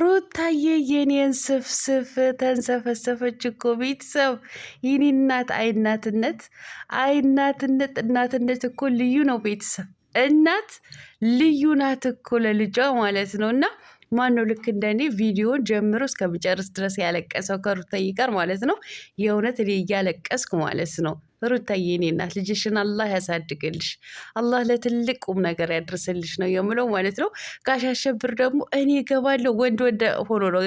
ሩታዬ የኔን ስፍስፍ ተንሰፈሰፈች እኮ ቤተሰብ። ይህኔ እናት አይናትነት አይናትነት እናትነት እኮ ልዩ ነው ቤተሰብ። እናት ልዩ ናት እኮ ለልጇ ማለት ነው እና ማነው ልክ እንደኔ ቪዲዮን ጀምሮ እስከምጨርስ ድረስ ያለቀሰው ከሩታ ይቀር ማለት ነው። የእውነት እኔ እያለቀስኩ ማለት ነው። ሩታዬ የኔ እናት ልጅሽን አላህ ያሳድግልሽ፣ አላህ ለትልቅ ቁም ነገር ያድርስልሽ ነው የምለው ማለት ነው። ጋሽ አሸብር ደግሞ እኔ ይገባለሁ ወንድ ወንድ ሆኖ ነው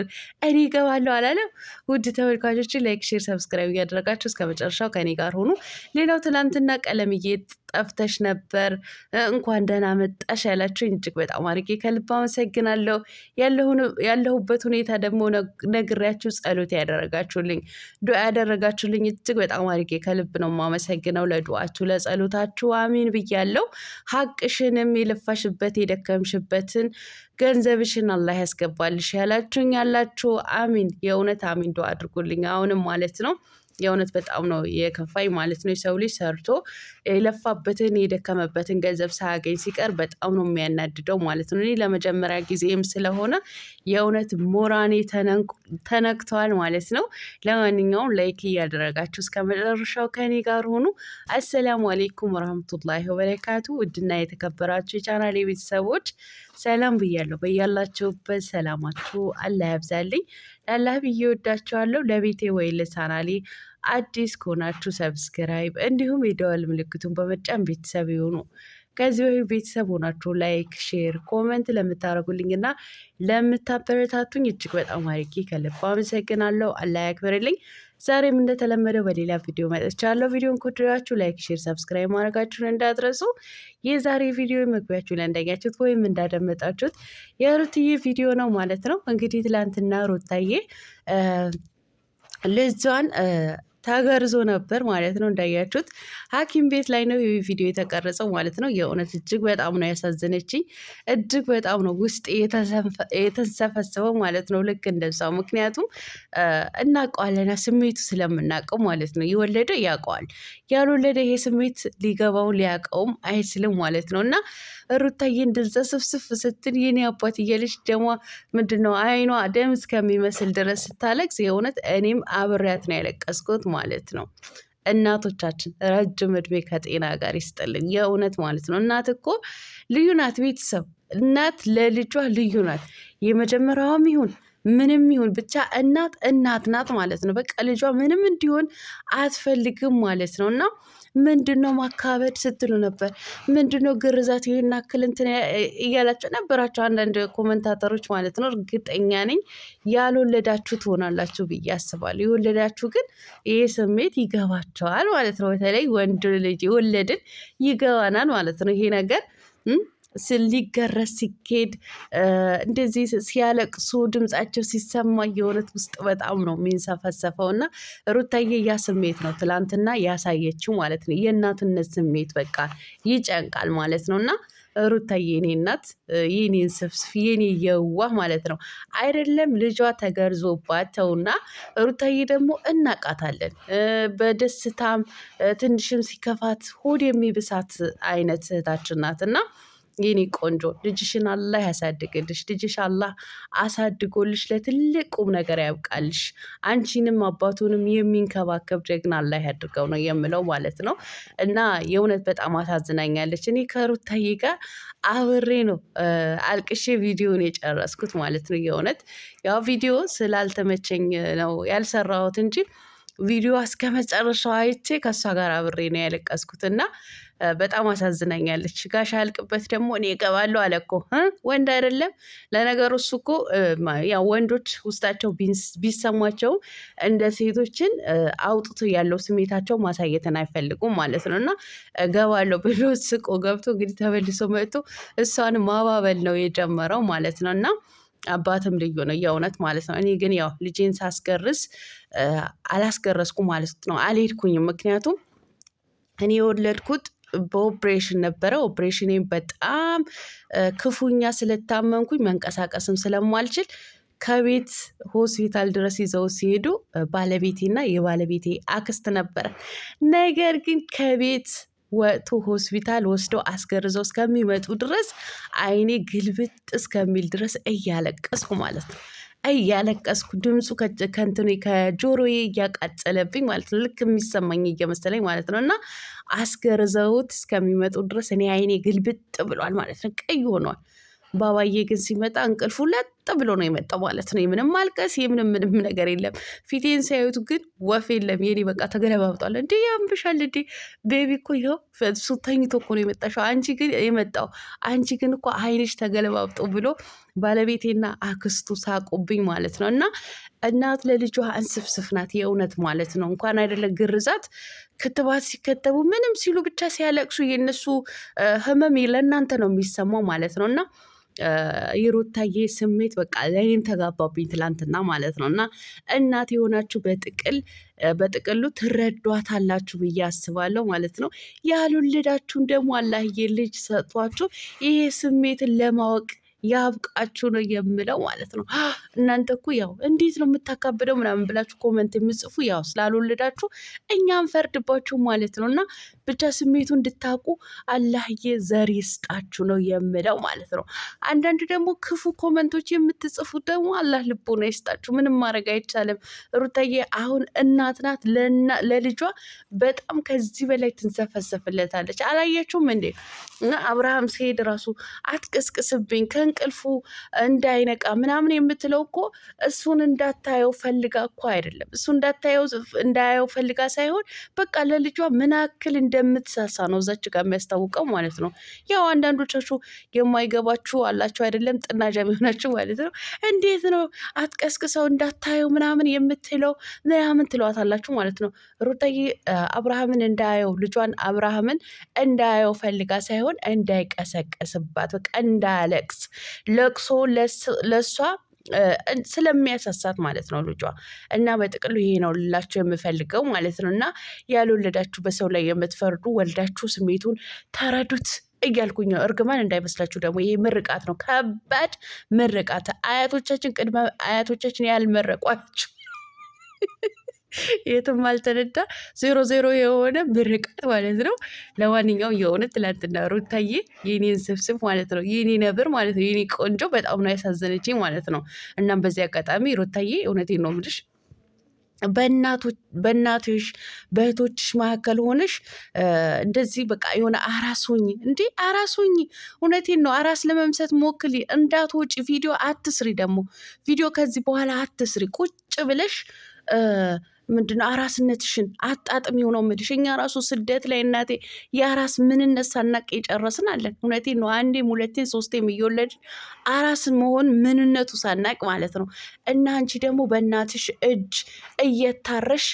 እኔ ገባለሁ አላለም። ውድ ተመልካቾች ላይክ፣ ሼር፣ ሰብስክራይብ እያደረጋችሁ እስከ መጨረሻው ከኔ ጋር ሆኑ። ሌላው ትናንትና ቀለምዬ ጠፍተሽ ነበር እንኳን ደህና መጣሽ ያላቸው እጅግ በጣም አድርጌ ከልብ አመሰግናለሁ። ያለሁበት ሁኔታ ደግሞ ነግሬያችሁ ጸሎት ያደረጋችሁልኝ ዱዓ ያደረጋችሁልኝ እጅግ በጣም አድርጌ ከልብ ነው ማመሰግነው። ለዱዋችሁ ለጸሎታችሁ አሚን ብያለው። ሀቅሽንም የለፋሽበት የደከምሽበትን ገንዘብሽን አላህ ያስገባልሽ። ያላችሁኝ ያላችሁ አሚን፣ የእውነት አሚን ዱአ አድርጉልኝ አሁንም ማለት ነው። የእውነት በጣም ነው የከፋኝ ማለት ነው። የሰው ልጅ ሰርቶ የለፋበትን የደከመበትን ገንዘብ ሳያገኝ ሲቀር በጣም ነው የሚያናድደው ማለት ነው። እኔ ለመጀመሪያ ጊዜም ስለሆነ የእውነት ሞራኔ ተነክቷል ማለት ነው። ለማንኛውም ላይክ እያደረጋችሁ እስከ መጨረሻው ከኔ ጋር ሆኑ። አሰላሙ አሌይኩም ወረህመቱላሂ ወበረካቱ። ውድና የተከበራችሁ የቻናል የቤተሰቦች ሰላም ብያለሁ። በያላችሁበት ሰላማችሁ አላህ ያብዛልኝ። ላላህ ብዬ ወዳችኋለሁ። ለቤቴ ወይ ለቻናሌ አዲስ ከሆናችሁ ሰብስክራይብ፣ እንዲሁም የደወል ምልክቱን በመጫን ቤተሰብ ይሁኑ። ከዚህ በፊት ቤተሰብ ሆናችሁ ላይክ፣ ሼር፣ ኮመንት ለምታደርጉልኝና ለምታበረታቱኝ እጅግ በጣም አድርጌ ከልብ አመሰግናለሁ። አላህ ያክብርልኝ። ዛሬም እንደተለመደው በሌላ ቪዲዮ መጥቻለሁ። ቪዲዮን ከወደዳችሁ ላይክ፣ ሼር፣ ሰብስክራይብ ማድረጋችሁን እንዳትረሱ። የዛሬ ቪዲዮ መግቢያችሁ ላይ እንዳያችሁት ወይም እንዳደመጣችሁት የሩትዬ ቪዲዮ ነው ማለት ነው። እንግዲህ ትላንትና ሩታዬ ልጇን ተገርዞ ነበር ማለት ነው። እንዳያችሁት ሐኪም ቤት ላይ ነው ቪዲዮ የተቀረጸው ማለት ነው። የእውነት እጅግ በጣም ነው ያሳዘነችኝ። እጅግ በጣም ነው ውስጥ የተንሰፈሰበው ማለት ነው። ልክ እንደዛው ምክንያቱም እናውቀዋለና ስሜቱ ስለምናውቀው ማለት ነው። የወለደ ያውቀዋል፣ ያልወለደ ይሄ ስሜት ሊገባው ሊያውቀውም አይችልም ማለት ነው እና ሩታዬ እንደዛ ስፍስፍ ስትል የኔ አባት እየልጅ ደግሞ ምንድን ነው አይኗ ደም እስከሚመስል ድረስ ስታለቅስ የእውነት እኔም አብሬያት ነው ያለቀስኩት ማለት ነው። እናቶቻችን ረጅም እድሜ ከጤና ጋር ይስጥልን የእውነት ማለት ነው። እናት እኮ ልዩ ናት። ቤተሰብ እናት ለልጇ ልዩ ናት። የመጀመሪያዋም ይሁን ምንም ይሁን ብቻ እናት እናት ናት ማለት ነው። በቃ ልጇ ምንም እንዲሆን አትፈልግም ማለት ነው። እና ምንድን ነው ማካበድ ስትሉ ነበር። ምንድን ነው ግርዛት ይህን ያክል እንትን እያላቸው ነበራቸው አንዳንድ ኮመንታተሮች ማለት ነው። እርግጠኛ ነኝ ያልወለዳችሁ ትሆናላችሁ ብዬ አስባለሁ። የወለዳችሁ ግን ይሄ ስሜት ይገባቸዋል ማለት ነው። በተለይ ወንድ ልጅ የወለድን ይገባናል ማለት ነው ይሄ ነገር ሊገረስ ሲኬድ እንደዚህ ሲያለቅሱ ድምጻቸው ሲሰማ የእውነት ውስጥ በጣም ነው የሚንሰፈሰፈው። እና ሩታዬ ያ ስሜት ነው ትላንትና ያሳየችው ማለት ነው። የእናትነት ስሜት በቃ ይጨንቃል ማለት ነው እና ሩታ የኔ እናት የኔን ስፍስፍ የኔ የዋህ ማለት ነው። አይደለም ልጇ ተገርዞባቸውና ሩታዬ ደግሞ እናቃታለን። በደስታም ትንሽም ሲከፋት ሆድ የሚብሳት አይነት እህታችን ናትና የኔ ቆንጆ ልጅሽን አላህ ያሳድግልሽ። ልጅሽ አላህ አሳድጎልሽ ለትልቅ ቁም ነገር ያብቃልሽ። አንቺንም አባቱንም የሚንከባከብ ጀግና አላህ ያድርገው ነው የምለው ማለት ነው። እና የእውነት በጣም አሳዝናኛለች። እኔ ከሩታዬ ጋር አብሬ ነው አልቅሼ ቪዲዮን የጨረስኩት ማለት ነው። የእውነት ያው ቪዲዮ ስላልተመቸኝ ነው ያልሰራሁት እንጂ ቪዲዮ እስከ መጨረሻው አይቼ ከእሷ ጋር አብሬ ነው ያለቀስኩት እና በጣም አሳዝናኛለች። ጋሻ አልቅበት ደግሞ እኔ እገባለሁ አለ እኮ ወንድ አይደለም። ለነገሩ እሱ እኮ ያው ወንዶች ውስጣቸው ቢሰሟቸው እንደ ሴቶችን አውጥቶ ያለው ስሜታቸው ማሳየትን አይፈልጉም ማለት ነው እና እገባለሁ ብሎ ስቆ ገብቶ እንግዲህ ተመልሶ መጥቶ እሷን ማባበል ነው የጀመረው ማለት ነው እና አባትም ልዩ ነው የእውነት ማለት ነው። እኔ ግን ያው ልጄን ሳስገርስ አላስገረስኩ ማለት ነው፣ አልሄድኩኝም። ምክንያቱም እኔ የወለድኩት በኦፕሬሽን ነበረ። ኦፕሬሽኔን በጣም ክፉኛ ስለታመምኩኝ መንቀሳቀስም ስለማልችል ከቤት ሆስፒታል ድረስ ይዘው ሲሄዱ ባለቤቴና የባለቤቴ አክስት ነበረ። ነገር ግን ከቤት ወጥቶ ሆስፒታል ወስደው አስገርዘው እስከሚመጡ ድረስ አይኔ ግልብጥ እስከሚል ድረስ እያለቀስኩ ማለት ነው እያለቀስኩ ድምፁ ከንትኑ ከጆሮዬ እያቃጨለብኝ ማለት ነው። ልክ የሚሰማኝ እየመሰለኝ ማለት ነው። እና አስገርዘውት እስከሚመጡ ድረስ እኔ አይኔ ግልብጥ ብሏል ማለት ነው። ቀይ ሆኗል። ባባዬ ግን ሲመጣ እንቅልፍ ሁለት ብሎ ነው የመጣው ማለት ነው። የምንም ማልቀስ የምንም ምንም ነገር የለም። ፊቴን ሳያዩት ግን ወፍ የለም። የኔ በቃ ተገለባብጧል። እንዲ ያምብሻል እንዲ ቤቢ እኮ ይኸው እሱ ተኝቶ እኮ ነው የመጣሽው አንቺ ግን የመጣው አንቺ ግን እኮ አይንሽ ተገለባብጦ ብሎ ባለቤቴና አክስቱ ሳቁብኝ ማለት ነው። እና እናት ለልጇ እንስፍስፍ ናት የእውነት ማለት ነው። እንኳን አይደለ ግርዛት ክትባት ሲከተቡ ምንም ሲሉ ብቻ ሲያለቅሱ የእነሱ ህመም ለእናንተ ነው የሚሰማው ማለት ነው እና የሩታዬ ስሜት በቃ ለእኔም ተጋባብኝ ትላንትና ማለት ነው። እና እናት የሆናችሁ በጥቅል በጥቅሉ ትረዷታላችሁ ብዬ አስባለሁ ማለት ነው። ያልወለዳችሁን ደግሞ አላህዬ ልጅ ሰጧችሁ ይሄ ስሜትን ለማወቅ ያብቃችሁ ነው የምለው ማለት ነው። እናንተ እኮ ያው እንዴት ነው የምታካብደው ምናምን ብላችሁ ኮመንት የምጽፉ ያው ስላልወለዳችሁ እኛም ፈርድባችሁ ማለት ነው። እና ብቻ ስሜቱ እንድታውቁ አላህዬ ዘር ይስጣችሁ ነው የምለው ማለት ነው። አንዳንድ ደግሞ ክፉ ኮመንቶች የምትጽፉ ደግሞ አላህ ልቦና ይስጣችሁ። ምንም ማድረግ አይቻልም። ሩታዬ አሁን እናት ናት፣ ለልጇ በጣም ከዚህ በላይ ትንሰፈሰፍለታለች። አላያችሁም እንዴ? እና አብርሃም ሲሄድ ራሱ አትቅስቅስብኝ ከእንቅልፉ እንዳይነቃ ምናምን የምትለው እኮ እሱን እንዳታየው ፈልጋ እኮ አይደለም። እሱ እንዳታየው እንዳያየው ፈልጋ ሳይሆን በቃ ለልጇ ምን አክል እንደምትሳሳ ነው እዛች ጋር የሚያስታውቀው ማለት ነው። ያው አንዳንዶቻችሁ የማይገባችሁ አላችሁ አይደለም፣ ጥናጃ የሚሆናችሁ ማለት ነው። እንዴት ነው አትቀስቅሰው እንዳታየው ምናምን የምትለው ምናምን ትለዋታላችሁ ማለት ነው። ሩታዬ አብርሃምን እንዳያየው ልጇን አብርሃምን እንዳያየው ፈልጋ ሳይሆን እንዳይቀሰቀስባት በቃ እንዳያለቅስ ለቅሶ ለእሷ ስለሚያሳሳት ማለት ነው ልጇ። እና በጥቅሉ ይሄ ነው ልላቸው የምፈልገው ማለት ነው። እና ያልወለዳችሁ በሰው ላይ የምትፈርዱ ወልዳችሁ ስሜቱን ተረዱት እያልኩኝ እርግማን እንዳይመስላችሁ ደግሞ ይሄ ምርቃት ነው፣ ከባድ ምርቃት። አያቶቻችን ቅድመ አያቶቻችን ያልመረቋችሁ የትም አልተነዳ ዜሮ ዜሮ የሆነ ምርቃት ማለት ነው። ለማንኛውም የሆነ ትላንትና ሩታዬ የኔን ስብስብ ማለት ነው የኔ ነብር ማለት ነው የኔ ቆንጆ በጣም ነው ያሳዘነች ማለት ነው። እናም በዚህ አጋጣሚ ሩታዬ እውነቴን ነው የምልሽ በእናቶች በእህቶችሽ መካከል ሆነሽ እንደዚህ በቃ የሆነ አራስ ሆኚ እንዴ አራስ እውነቴን ነው አራስ ለመምሰት ሞክሊ፣ እንዳትወጪ። ቪዲዮ አትስሪ ደግሞ ቪዲዮ ከዚህ በኋላ አትስሪ። ቁጭ ብለሽ ምንድነው አራስነትሽን አጣጥሚ ነው የምልሽ። እኛ ራሱ ስደት ላይ እናቴ የአራስ ምንነት ሳናቅ የጨረስን አለን። እውነቴን ነው። አንዴም ሁለቴን ሶስቴም እየወለድን አራስ መሆን ምንነቱ ሳናቅ ማለት ነው። እና አንቺ ደግሞ በእናትሽ እጅ እየታረሽ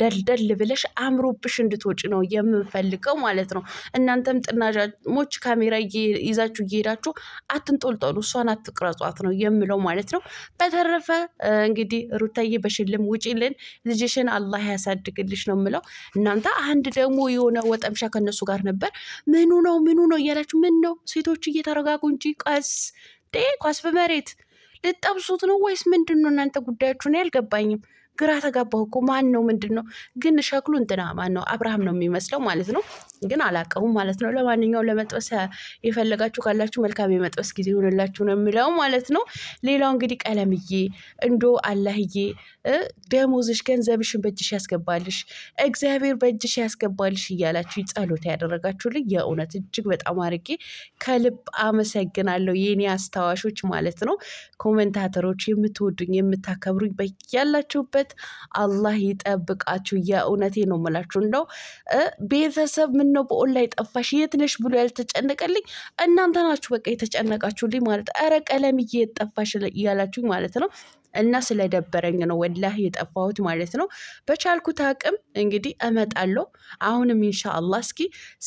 ደልደል ብለሽ አምሮብሽ እንድትወጪ ነው የምንፈልገው ማለት ነው። እናንተም ጥናጃሞች ካሜራ ይዛችሁ እየሄዳችሁ አትንጦልጠሉ፣ እሷን አትቅረጿት ነው የምለው ማለት ነው። በተረፈ እንግዲህ ሩታዬ በሽልም ውጪልን፣ ልጅሽን አላህ ያሳድግልሽ ነው የምለው። እናንተ አንድ ደግሞ የሆነ ወጠምሻ ከነሱ ጋር ነበር። ምኑ ነው ምኑ ነው እያላችሁ ምን ነው ሴቶች እየተረጋጉ እንጂ ቀስ እንዴ ኳስ በመሬት ልጠብሱት ነው ወይስ ምንድን ነው እናንተ ጉዳያችሁን? ያልገባኝም ግራ ተጋባሁ እኮ ማን ነው ምንድን ነው ግን ሸክሉ እንትና ማን ነው አብርሃም ነው የሚመስለው ማለት ነው። ግን አላቀውም ማለት ነው። ለማንኛውም ለመጥበስ የፈለጋችሁ ካላችሁ መልካም የመጥበስ ጊዜ ይሆንላችሁ ነው የሚለው ማለት ነው። ሌላው እንግዲህ ቀለምዬ፣ እንዶ አላህዬ፣ ደሞዝሽ ገንዘብሽን በእጅሽ ያስገባልሽ፣ እግዚአብሔር በእጅሽ ያስገባልሽ እያላችሁ ጸሎት ያደረጋችሁልኝ የእውነት እጅግ በጣም አድርጌ ከልብ አመሰግናለሁ የኔ አስታዋሾች ማለት ነው። ኮመንታተሮች የምትወዱኝ የምታከብሩኝ በያላችሁበት አላህ ይጠብቃችሁ። የእውነቴ ነው የምላችሁ እንደው ቤተሰብ ምን ለምን ነው በኦን ላይ ጠፋሽ የት ነሽ ብሎ ያልተጨነቀልኝ እናንተ ናችሁ። በቃ የተጨነቃችሁልኝ ማለት ኧረ ቀለምዬ የት ጠፋሽ እያላችሁኝ ማለት ነው። እና ስለደበረኝ ነው ወላህ የጠፋሁት ማለት ነው። በቻልኩት አቅም እንግዲህ እመጣለሁ። አሁንም ኢንሻአላህ እስኪ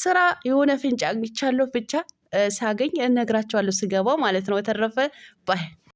ስራ የሆነ ፍንጭ አግኝቻለሁ ብቻ ሳገኝ እነግራቸዋለሁ ስገባ ማለት ነው። በተረፈ ባይ